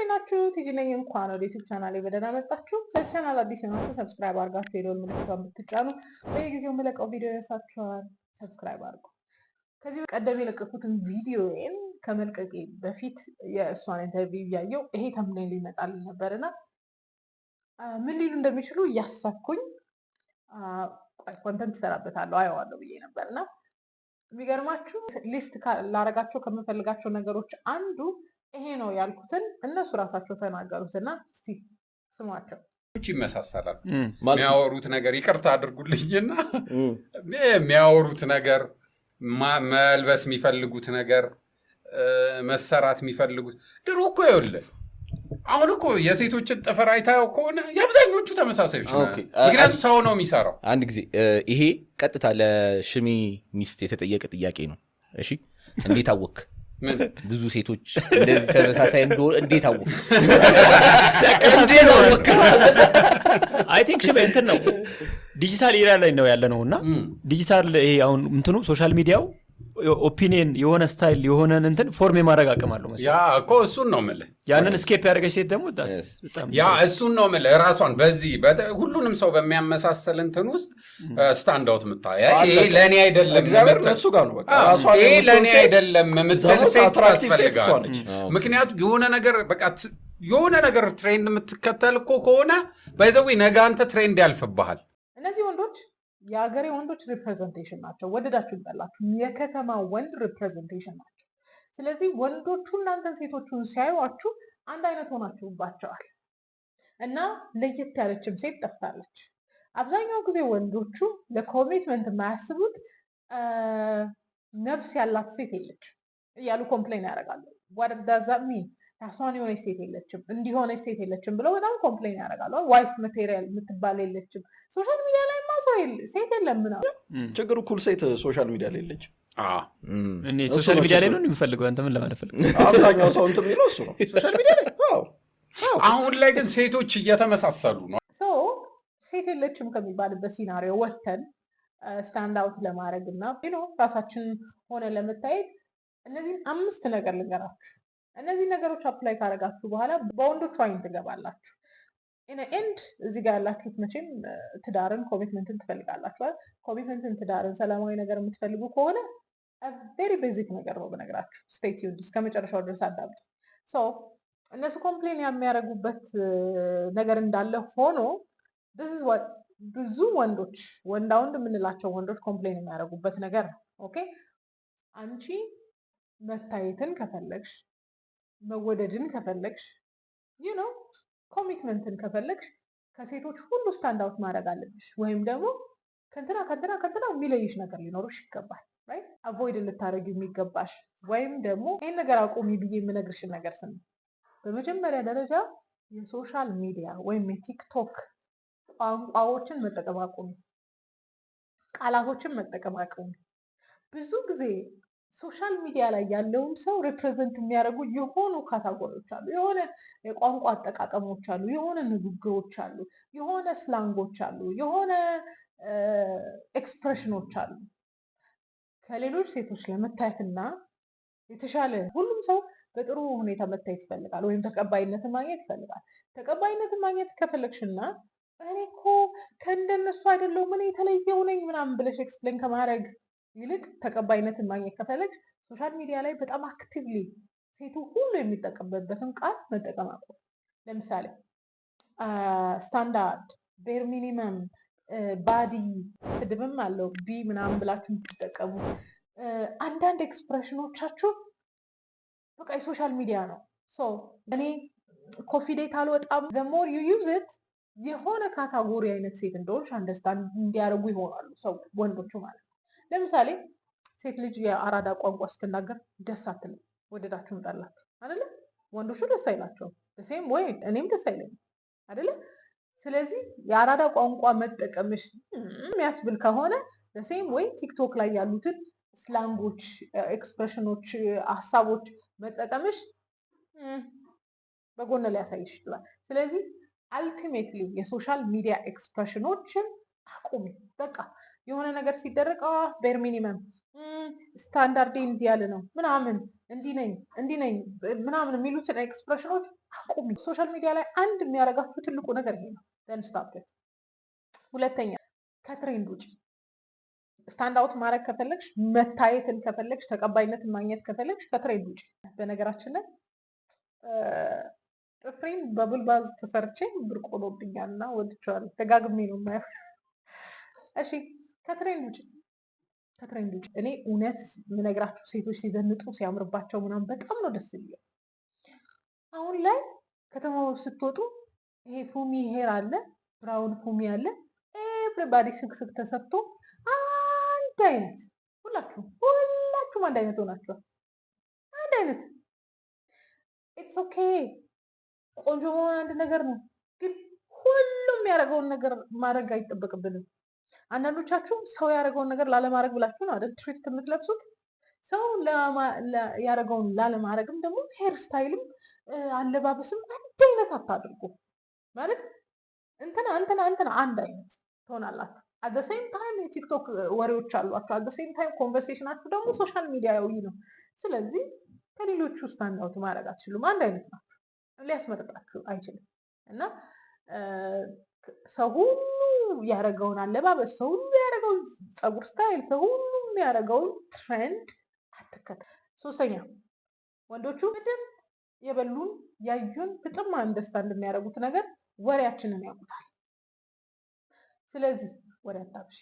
እንዴናችሁ ቲጂ ነኝ። እንኳን ወደ ዩቱብ ቻናሌ በደህና መጣችሁ። ለዚህ ቻናል አዲስ የሆናችሁ ሰብስክራይብ አድርጋችሁ የደወል ምልክቷን ብትጫኑ በየጊዜው የምለቀው ቪዲዮ ይደርሳችኋል። ሰብስክራይብ አድርጉ። ከዚህ ቀደም የለቀኩትን ወይም ከመልቀቄ በፊት የእሷን ኢንተርቪው እያየው ይሄ ተምኔል ይመጣልኝ ነበርና ምን ሊሉ እንደሚችሉ እያሰብኩኝ ኮንተንት ይሰራበታለሁ አየዋለሁ ብዬ ነበርና የሚገርማችሁ ሊስት ላረጋቸው ከምፈልጋቸው ነገሮች አንዱ ይሄ ነው ያልኩትን እነሱ ራሳቸው ተናገሩትና እስቲ ስሟቸው። ይመሳሰላል የሚያወሩት ነገር ይቅርታ አድርጉልኝና የሚያወሩት ነገር መልበስ የሚፈልጉት ነገር መሰራት የሚፈልጉት ድሮ እኮ ይኸውልህ አሁን እኮ የሴቶችን ጥፍር አይታየው ከሆነ የአብዛኞቹ ተመሳሳዮች፣ ምክንያቱ ሰው ነው የሚሰራው። አንድ ጊዜ ይሄ ቀጥታ ለሽሚ ሚስት የተጠየቀ ጥያቄ ነው። እሺ እንዴት አወክ? ብዙ ሴቶች እንደዚህ ተመሳሳይ እንደሆነ እንዴት አወቅ? አይ ቲንክ ሽበ እንትን ነው ዲጂታል ኢራ ላይ ነው ያለ ነው እና ዲጂታል ይሄ አሁን እንትኑ ሶሻል ሚዲያው ኦፒኒየን የሆነ ስታይል የሆነን እንትን ፎርም የማድረግ አቅም አለው ያ እኮ እሱን ነው ምል ያንን ስኬፕ ያደረገች ሴት ደግሞ ያ እሱን ነው ምል ራሷን በዚህ ሁሉንም ሰው በሚያመሳሰል እንትን ውስጥ ስታንዳውት አውት ይሄ ለእኔ አይደለም እሱ ጋር ነው ይሄ ለእኔ አይደለም የምትል ሴት ታስፈልጋለች። ምክንያቱም የሆነ ነገር በቃ የሆነ ነገር ትሬንድ የምትከተል እኮ ከሆነ በዘዊ ነገ አንተ ትሬንድ ያልፍብሃል። እነዚህ ወንዶች የሀገሬ ወንዶች ሪፕሬዘንቴሽን ናቸው። ወደዳችሁ ይበላችሁ፣ የከተማ ወንድ ሪፕሬዘንቴሽን ናቸው። ስለዚህ ወንዶቹ እናንተን ሴቶቹን ሲያዩችሁ አንድ አይነት ሆናችሁባቸዋል እና ለየት ያለችም ሴት ጠፍታለች። አብዛኛው ጊዜ ወንዶቹ ለኮሚትመንት የማያስቡት ነፍስ ያላት ሴት የለች እያሉ ኮምፕሌን ያደርጋሉ። ዋደዳዛ ራሷን የሆነች ሴት የለችም፣ እንዲሆነች ሴት የለችም ብለው በጣም ኮምፕሌን ያደርጋሉ። ዋይፍ ማቴሪያል የምትባል የለችም። ሶሻል ሚዲያ ላይ ማ ሴት የለም ምናምን። ችግሩ እኩል ሴት ሶሻል ሚዲያ ላይ የለችም። ሶሻል ሚዲያ ላይ ነው የሚፈልገው። አንተ ምን ለማለት አብዛኛው ሰው እንትን የሚለው እሱ ነው። ሶሻል ሚዲያ ላይ አሁን ላይ ግን ሴቶች እየተመሳሰሉ ነው። ሴት የለችም ከሚባልበት ሲናሪዮ ወጥተን ስታንድ አውት ለማድረግ እና ራሳችን ሆነ ለመታየት እነዚህን አምስት ነገር ልንገራችሁ እነዚህ ነገሮች አፕላይ ካደረጋችሁ በኋላ በወንዶቹ አይን ትገባላችሁ። ኤንድ እዚህ ጋር ያላችሁት መቼም ትዳርን ኮሚትመንትን ትፈልጋላችሁ። ኮሚትመንትን፣ ትዳርን፣ ሰላማዊ ነገር የምትፈልጉ ከሆነ ቬሪ ቤዚክ ነገር ነው በነገራችሁ። ስቴይ ቲዩንድ እስከ መጨረሻው ድረስ አዳምጡ። እነሱ ኮምፕሌን የሚያደርጉበት ነገር እንዳለ ሆኖ ብዙ ወንዶች ወንዳ ወንድ የምንላቸው ወንዶች ኮምፕሌን የሚያደርጉበት ነገር ነው። ኦኬ አንቺ መታየትን ከፈለግሽ መወደድን ከፈለግሽ ይህ ነው ኮሚትመንትን ከፈለግሽ ከሴቶች ሁሉ ስታንድ አውት ማድረግ አለብሽ። ወይም ደግሞ ከንትና ከንትና ከንትና የሚለይሽ ነገር ሊኖርሽ ይገባል። አቮይድ ልታደረግ የሚገባሽ ወይም ደግሞ ይህን ነገር አቁሚ ብዬ የምነግርሽን ነገር ስም በመጀመሪያ ደረጃ የሶሻል ሚዲያ ወይም የቲክቶክ ቋንቋዎችን መጠቀም አቁሚ፣ ቃላቶችን መጠቀም አቁሚ። ብዙ ጊዜ ሶሻል ሚዲያ ላይ ያለውን ሰው ሪፕሬዘንት የሚያደርጉ የሆኑ ካታጎሪዎች አሉ። የሆነ የቋንቋ አጠቃቀሞች አሉ፣ የሆነ ንግግሮች አሉ፣ የሆነ ስላንጎች አሉ፣ የሆነ ኤክስፕሬሽኖች አሉ። ከሌሎች ሴቶች ለመታየትና የተሻለ ሁሉም ሰው በጥሩ ሁኔታ መታየት ይፈልጋል፣ ወይም ተቀባይነትን ማግኘት ይፈልጋል። ተቀባይነትን ማግኘት ከፈለግሽና እኔ እኮ ከእንደነሱ አይደለሁም ምን የተለየው ነኝ ምናምን ብለሽ ኤክስፕሌን ከማድረግ ይልቅ ተቀባይነትን ማግኘት ከፈለግ ሶሻል ሚዲያ ላይ በጣም አክቲቭሊ ሴቱ ሁሉ የሚጠቀምበትን ቃል መጠቀም አቁ። ለምሳሌ ስታንዳርድ፣ ቤር ሚኒመም፣ ባዲ ስድብም አለው ቢ ምናምን ብላችሁ የምትጠቀሙ አንዳንድ ኤክስፕሬሽኖቻችሁ በቃ የሶሻል ሚዲያ ነው። እኔ ኮፊዴት አልወጣም። ዘሞር ዩ ዩዝ ኢት የሆነ ካታጎሪ አይነት ሴት እንደሆንሽ አንደርስታንድ እንዲያደርጉ ይሆናሉ ሰው ወንዶቹ ማለት ነው። ለምሳሌ ሴት ልጅ የአራዳ ቋንቋ ስትናገር ደስ አትልም። ወደዳችሁም ጠላችሁ አደለ? ወንዶቹ ደስ አይላቸውም። ደሴም ወይ እኔም ደስ አይለ አደለ? ስለዚህ የአራዳ ቋንቋ መጠቀምሽ የሚያስብል ከሆነ ደሴም ወይ ቲክቶክ ላይ ያሉትን ስላንጎች፣ ኤክስፕሬሽኖች፣ ሀሳቦች መጠቀምሽ በጎን ሊያሳይሽ ይችላል። ስለዚህ አልቲሜትሊ የሶሻል ሚዲያ ኤክስፕሬሽኖችን አቁሚ በቃ። የሆነ ነገር ሲደረግ ቤር ሚኒመም ስታንዳርዴ እንዲህ ያለ ነው ምናምን እንዲህ ነኝ እንዲህ ነኝ ምናምን የሚሉትን ኤክስፕሬሽኖች አቁሚ። ሶሻል ሚዲያ ላይ አንድ የሚያደርጋችሁ ትልቁ ነገር ይሄ ነው። ደንስታበት ሁለተኛ፣ ከትሬንድ ውጭ ስታንድ አውት ማድረግ ከፈለግሽ፣ መታየትን ከፈለግሽ፣ ተቀባይነትን ማግኘት ከፈለግሽ ከትሬንድ ውጭ። በነገራችን ላይ ጥፍሬን በብልባዝ ተሰርቼ ብርቆሎብኛል ሆኖብኛል እና ወድቼዋለሁ። ደጋግሜ ነው የማየው። እሺ ከትሬንድ ውጭ ከትሬንድ ውጭ እኔ እውነት የምነግራችሁ ሴቶች ሲዘንጡ ሲያምርባቸው ምናምን በጣም ነው ደስ የሚለው። አሁን ላይ ከተማ ስትወጡ ይሄ ፉሚ ሄር አለ፣ ብራውን ፉሚ አለ። ኤቭሪባዲ ስክስክ ተሰብቶ አንድ አይነት ሁላችሁም ሁላችሁም አንድ አይነት ሆናችኋል። አንድ አይነት ኢትስ ኦኬ። ቆንጆ መሆን አንድ ነገር ነው፣ ግን ሁሉም ያደረገውን ነገር ማድረግ አይጠበቅብንም። አንዳንዶቻችሁ ሰው ያደረገውን ነገር ላለማድረግ ብላችሁ ነው አይደል ትሪፍት የምትለብሱት። ሰው ያደረገውን ላለማድረግም ደግሞ ሄር ስታይልም አለባበስም አንድ አይነት አታድርጉ። ማለት እንትና እንትና እንትና አንድ አይነት ትሆናላችሁ። አደሴም ታይም የቲክቶክ ወሬዎች አሏቸው። አደሴም ታይም ኮንቨርሴሽናችሁ ደግሞ ሶሻል ሚዲያ ሚዲያዊ ነው። ስለዚህ ከሌሎቹ ስታንድ አውት ማድረግ አትችሉም። አንድ አይነት ናችሁ፣ ሊያስመርጣችሁ አይችልም እና ሰው ሁሉ ያደረገውን አለባበስ፣ ሰው ሁሉ ያደረገውን ፀጉር ስታይል፣ ሰው ሁሉ ያደረገውን ትሬንድ አትከተል። ሶስተኛ ወንዶቹ ምድር የበሉን ያዩን ግጥም አንደስታ እንደሚያደርጉት ነገር ወሬያችንን ያውቁታል። ስለዚህ ወሬ አታብሽ።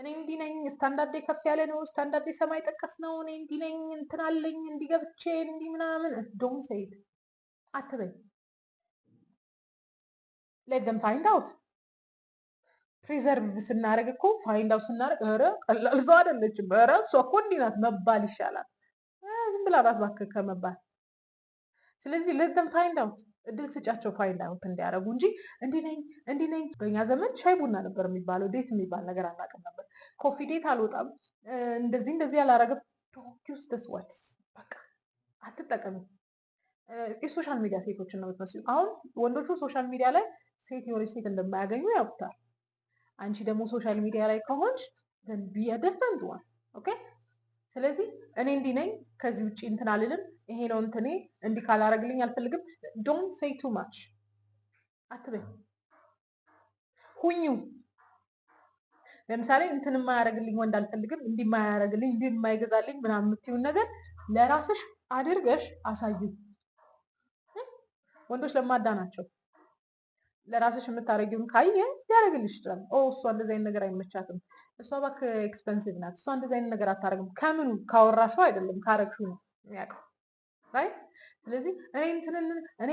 እኔ እንዲህ ነኝ፣ ስታንዳርዴ ከፍ ያለ ነው፣ ስታንዳርዴ ሰማይ ጠቀስ ነው፣ እኔ እንዲህ ነኝ፣ እንዲገብቼ እንዲህ ምናምን ዶም ሰይድ አትበኝ። ሌት ደም ፋይንድ አውት ፕሪዘርቭ ስናደርግ እኮ ፋይንድ አውት ስናደርግ ኧረ ቀላል ሰው አይደለችም፣ ኧረ እሷ እኮ እንዲህ ናት መባል ይሻላል ዝም ብላ ናት እባክህ ከመባል። ስለዚህ ሌት ደም ፋይንድ አውት እድል ስጫቸው ፋይንድ አውት እንዲያደርጉ እንጂ እንዲህ ነኝ እንዲህ ነኝ። በእኛ ዘመን ሻይ ቡና ነበር የሚባለው፣ ዴት የሚባል ነገር አናውቅም ነበር። ኮፊ ዴት አልወጣም፣ እንደዚህ እንደዚህ አላረግም። ዶኪውስ ደስዋትስ በቃ አትጠቀሚ። የሶሻል ሚዲያ ሴቶችን ነው የምትመስሉ። አሁን ወንዶቹ ሶሻል ሚዲያ ላይ ሴት የሆነች ሴት እንደማያገኙ ያውቁታል። አንቺ ደግሞ ሶሻል ሚዲያ ላይ ከሆንሽ ቢ ደፈንድ ዋን ኦኬ። ስለዚህ እኔ እንዲህ ነኝ፣ ከዚህ ውጭ እንትን አልልም፣ ይሄ ነው እንትኔ፣ እንዲህ ካላረግልኝ አልፈልግም። ዶንት ሴይ ቱ ማች አትበይ፣ ሁኙ። ለምሳሌ እንትን የማያረግልኝ ወንድ አልፈልግም፣ እንዲህ የማያረግልኝ፣ እንዲህ የማይገዛልኝ ምናምን የምትይውን ነገር ለራስሽ አድርገሽ አሳዩ። ወንዶች ለማዳ ናቸው። ለራስሽ የምታደረጊውን ካየ ሊያደረግልሽ ይችላል። እሷ እንደዚ አይነት ነገር አይመቻትም፣ እሷ ባክ ኤክስፐንሲቭ ናት፣ እሷ እንደዚ አይነት ነገር አታደረግም። ከምኑ ካወራሹ አይደለም ካረግሹ ነው የሚያውቀው ይ ስለዚህ እኔ እንትን እኔ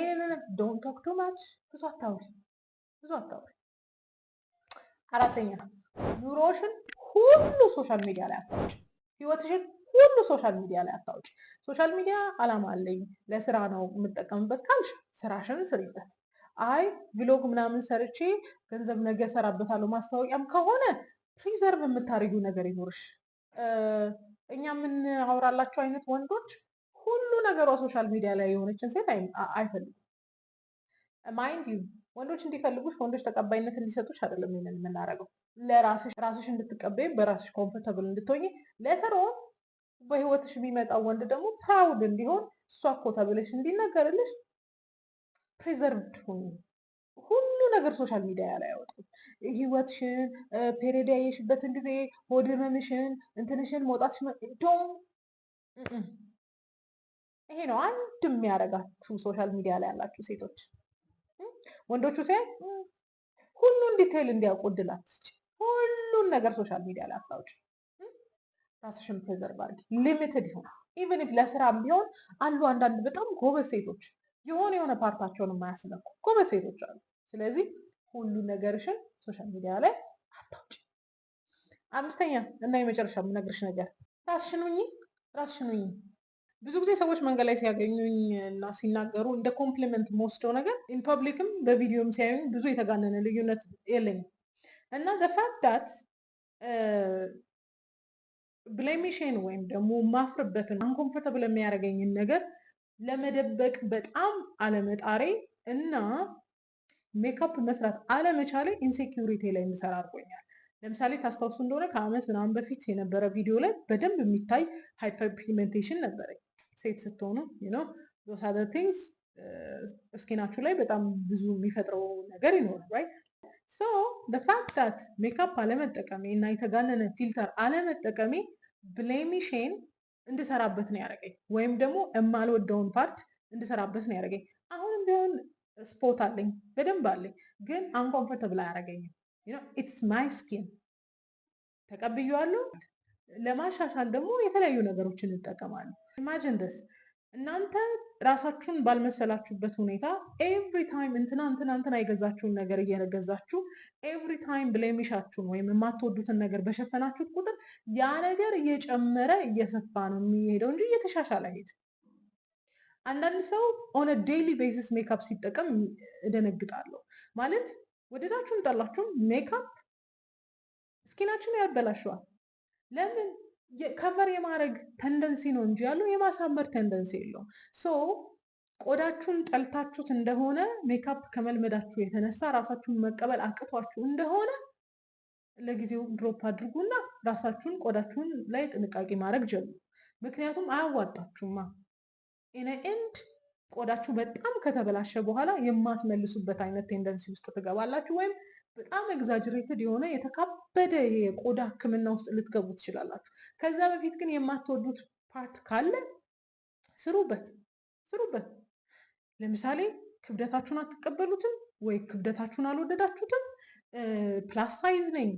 ዶንት ቶክ ቱ ማች፣ ብዙ አታውሪ፣ ብዙ አታውሪ። አራተኛ ኑሮሽን ሁሉ ሶሻል ሚዲያ ላይ አታውጭ። ህይወትሽን ሁሉ ሶሻል ሚዲያ ላይ አታውጭ። ሶሻል ሚዲያ አላማ አለኝ ለስራ ነው የምጠቀምበት ካልሽ ስራሽን ስሪበት አይ ብሎግ ምናምን ሰርቼ ገንዘብ ነገ ሰራበታለሁ ማስታወቂያም ከሆነ ፕሪዘርቭ የምታደርጊው ነገር ይኖርሽ። እኛ የምናወራላቸው አይነት ወንዶች ሁሉ ነገሯ ሶሻል ሚዲያ ላይ የሆነችን ሴት አይፈልጉም። ማይንድ ዩ ወንዶች እንዲፈልጉሽ ወንዶች ተቀባይነት እንዲሰጡሽ አይደለም ይሄንን የምናደርገው፣ ራስሽ እንድትቀበይ በራስሽ ኮምፎርታብል እንድትሆኝ ለተሮ በህይወትሽ የሚመጣው ወንድ ደግሞ ፕራውድ እንዲሆን እሷ እኮ ተብለሽ እንዲነገርልሽ ፕሬዘርቭድ ሁኑ። ሁሉ ነገር ሶሻል ሚዲያ ላይ አያወጡም። ህይወትሽን፣ ፔሬድ ያየሽበትን ጊዜ፣ ሆድ ህመምሽን፣ እንትንሽን፣ መውጣትሽ ዶም ይሄ ነው አንድ የሚያደርጋችሁ ሶሻል ሚዲያ ላይ ያላችሁ ሴቶች። ወንዶቹ ሴ ሁሉን ዲቴይል እንዲያውቁ እድል አትስጭ። ሁሉን ነገር ሶሻል ሚዲያ ላይ አታውጭ። ራስሽን ፕሬዘርቭ አድርጊ። ሊሚትድ ይሁን። ኢቨን ለስራም ቢሆን አሉ አንዳንድ በጣም ጎበዝ ሴቶች የሆነ የሆነ ፓርታቸውን የማያስነኩ ጎበዝ ሴቶች አሉ። ስለዚህ ሁሉ ነገርሽን ሶሻል ሚዲያ ላይ አታውጭ። አምስተኛ እና የመጨረሻ የምነግርሽ ነገር ራስሽን ሁኚ፣ ራስሽን ሁኚ። ብዙ ጊዜ ሰዎች መንገድ ላይ ሲያገኙኝ እና ሲናገሩ እንደ ኮምፕሊመንት የምወስደው ነገር ኢንፐብሊክም በቪዲዮም ሲያዩኝ ብዙ የተጋነነ ልዩነት የለኝም እና ዳት ብላይሜሽን uh, ወይም ደግሞ ማፍርበትን አንኮምፎርታብል የሚያደርገኝን ነገር ለመደበቅ በጣም አለመጣሬ እና ሜካፕ መስራት አለመቻሌ ኢንሴኪሪቲ ላይ እንድሰራ አድርጎኛል። ለምሳሌ ታስታውሱ እንደሆነ ከአመት ምናምን በፊት የነበረ ቪዲዮ ላይ በደንብ የሚታይ ሃይፐር ፒግሜንቴሽን ነበረኝ። ሴት ስትሆኑ ነው ዶስ ቲንግስ እስኪናችሁ ላይ በጣም ብዙ የሚፈጥረው ነገር ይኖራል። ራይት ሶ ፋክት ዳት ሜካፕ አለመጠቀሜ እና የተጋነነ ፊልተር አለመጠቀሜ ብሌሚሼን እንድሰራበት ነው ያደረገኝ፣ ወይም ደግሞ የማልወደውን ፓርት እንድሰራበት ነው ያደረገኝ። አሁንም ቢሆን ስፖት አለኝ በደንብ አለኝ፣ ግን አንኮንፈርተብል አያደረገኝም። ኢትስ ማይ ስኪን ተቀብያዋለሁ። ለማሻሻል ደግሞ የተለያዩ ነገሮችን እንጠቀማለን። ኢማጂን ደስ እናንተ ራሳችሁን ባልመሰላችሁበት ሁኔታ ኤቭሪ ታይም እንትና እንትና እንትና የገዛችሁን ነገር እየገዛችሁ ኤቭሪ ታይም ብሌሚሻችሁን ወይም የማትወዱትን ነገር በሸፈናችሁ ቁጥር ያ ነገር እየጨመረ እየሰፋ ነው የሚሄደው እንጂ እየተሻሻለ ሄድ። አንዳንድ ሰው ኦነ ዴይሊ ቤዚስ ሜካፕ ሲጠቀም እደነግጣለሁ። ማለት ወደዳችሁም ጠላችሁም ሜካፕ ስኪናችን ያበላሸዋል። ለምን ከቨር የማድረግ ተንደንሲ ነው እንጂ ያለው የማሳመር ተንደንሲ የለውም። ሶ ቆዳችሁን ጠልታችሁት እንደሆነ ሜካፕ ከመልመዳችሁ የተነሳ ራሳችሁን መቀበል አቅቷችሁ እንደሆነ ለጊዜው ድሮፕ አድርጉና ራሳችሁን ቆዳችሁን ላይ ጥንቃቄ ማድረግ ጀምሩ። ምክንያቱም አያዋጣችሁማ ኢነ ኤንድ ቆዳችሁ በጣም ከተበላሸ በኋላ የማትመልሱበት አይነት ቴንደንሲ ውስጥ ትገባላችሁ ወይም በጣም ኤግዛጅሬትድ የሆነ የተካበደ የቆዳ ህክምና ውስጥ ልትገቡ ትችላላችሁ። ከዛ በፊት ግን የማትወዱት ፓርት ካለ ስሩበት ስሩበት። ለምሳሌ ክብደታችሁን አትቀበሉትም ወይ ክብደታችሁን አልወደዳችሁትም፣ ፕላስ ሳይዝ ነኝ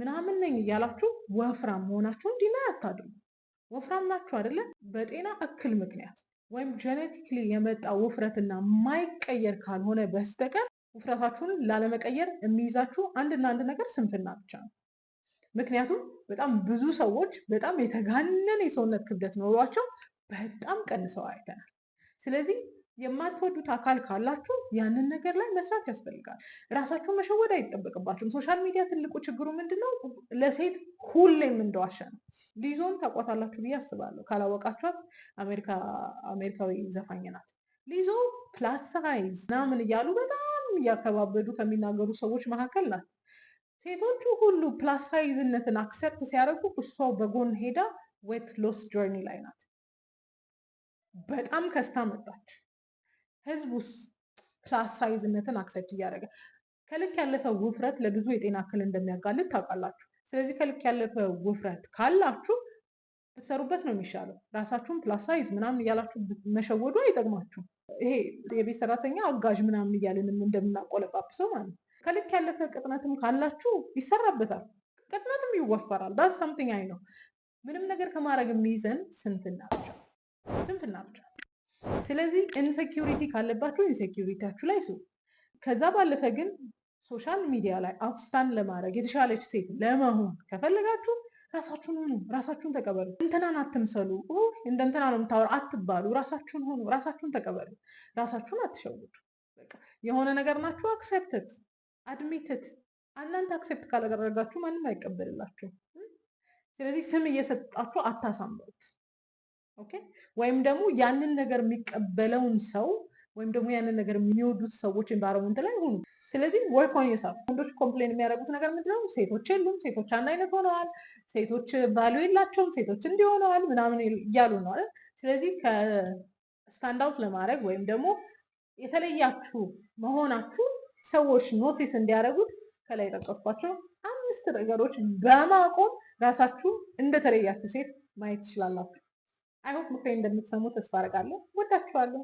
ምናምን ነኝ እያላችሁ ወፍራም መሆናችሁን ዲና አታድርጉ። ወፍራም ናችሁ አይደለ? በጤና እክል ምክንያት ወይም ጀኔቲክሊ የመጣ ውፍረትና ማይቀየር ካልሆነ በስተቀር ውፍረታችሁን ላለመቀየር የሚይዛችሁ አንድና አንድ ነገር ስንፍና ብቻ ነው። ምክንያቱም በጣም ብዙ ሰዎች በጣም የተጋነን የሰውነት ክብደት ኖሯቸው በጣም ቀንሰው አይተናል። ስለዚህ የማትወዱት አካል ካላችሁ ያንን ነገር ላይ መስራት ያስፈልጋል። ራሳችሁን መሸወድ አይጠበቅባችሁም። ሶሻል ሚዲያ ትልቁ ችግሩ ምንድነው? ለሴት ሁሌም እንደዋሸ ነው። ሊዞን ታቋታላችሁ ብዬ አስባለሁ። ካላወቃችኋት አሜሪካዊ ዘፋኝ ናት። ሊዞ ፕላስ ሳይዝ ምናምን እያሉ በጣም እያከባበዱ ከሚናገሩ ሰዎች መካከል ናት። ሴቶቹ ሁሉ ፕላስ ሳይዝነትን አክሰፕት ሲያደርጉ እሷ በጎን ሄዳ ዌት ሎስ ጆርኒ ላይ ናት። በጣም ከስታ መጣች። ህዝቡስ ፕላስ ሳይዝነትን አክሰፕት እያደረገ ከልክ ያለፈ ውፍረት ለብዙ የጤና እክል እንደሚያጋልጥ ታውቃላችሁ። ስለዚህ ከልክ ያለፈ ውፍረት ካላችሁ ብትሰሩበት ነው የሚሻለው። ራሳችሁን ፕላስ ሳይዝ ምናምን እያላችሁ መሸወዱ አይጠቅማችሁም። ይሄ የቤት ሰራተኛ አጋዥ ምናምን እያልንም እንደምናቆለጳጵሰው ማለት ነው። ከልክ ያለፈ ቅጥነትም ካላችሁ ይሰራበታል፣ ቅጥነትም ይወፈራል። ዳዝ ሳምቲንግ አይ ነው። ምንም ነገር ከማድረግ የሚይዘን ስንፍና ብቻ ስንፍና ብቻ። ስለዚህ ኢንሴኪሪቲ ካለባችሁ ኢንሴኪሪቲያችሁ ላይ ስሩ። ከዛ ባለፈ ግን ሶሻል ሚዲያ ላይ አውትስታንድ ለማድረግ የተሻለች ሴት ለመሆን ከፈለጋችሁ ራሳችሁን ሁኑ፣ ራሳችሁን ተቀበሉ። እንትናን አትምሰሉ። እንደ እንትና ነው የምታወሩ አትባሉ። ራሳችሁን ሁኑ፣ ራሳችሁን ተቀበሉ። ራሳችሁን አትሸውዱ። የሆነ ነገር ናችሁ፣ አክሴፕትት አድሚትት። እናንተ አክሴፕት ካላደረጋችሁ ማንም አይቀበልላችሁ። ስለዚህ ስም እየሰጣችሁ አታሳምሩት። ኦኬ። ወይም ደግሞ ያንን ነገር የሚቀበለውን ሰው ወይም ደግሞ ያንን ነገር የሚወዱት ሰዎች ኤንቫይሮመንት ላይ ሁኑ። ስለዚህ ወርክ ኦን ዩርሰልፍ። ወንዶች ኮምፕሌን የሚያደርጉት ነገር ምንድነው? ሴቶች የሉም፣ ሴቶች አንድ አይነት ሆነዋል፣ ሴቶች ቫሉ የላቸውም፣ ሴቶች እንዲሆነዋል ምናምን እያሉ ነው አይደል? ስለዚህ ከስታንድ አውት ለማድረግ ወይም ደግሞ የተለያችሁ መሆናችሁ ሰዎች ኖቲስ እንዲያደርጉት ከላይ የጠቀስኳቸው አምስት ነገሮች በማቆም ራሳችሁ እንደተለያችሁ ሴት ማየት ትችላላችሁ። አይሆፕ ምክሬ እንደምትሰሙ ተስፋ አደርጋለሁ። ወዳችኋለሁ።